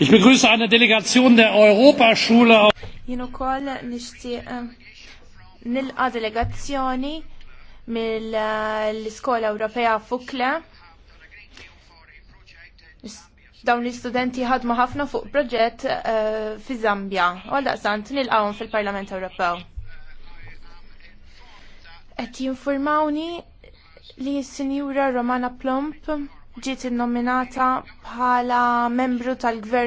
Ich begrüße eine Delegation der Europaschule. Jien ukoll nixtieq eh, nilqa' delegazzjoni mill-Iskola Ewropea Fukla. Dawn l-istudenti ħadmu ħafna fuq proġett eh, fi Zambja. Għal daqsant nilqawhom fil-Parlament Ewropew. Qed jinformawni li s-Sinjura Romana Plump ġiet innominata bħala membru tal-Gvern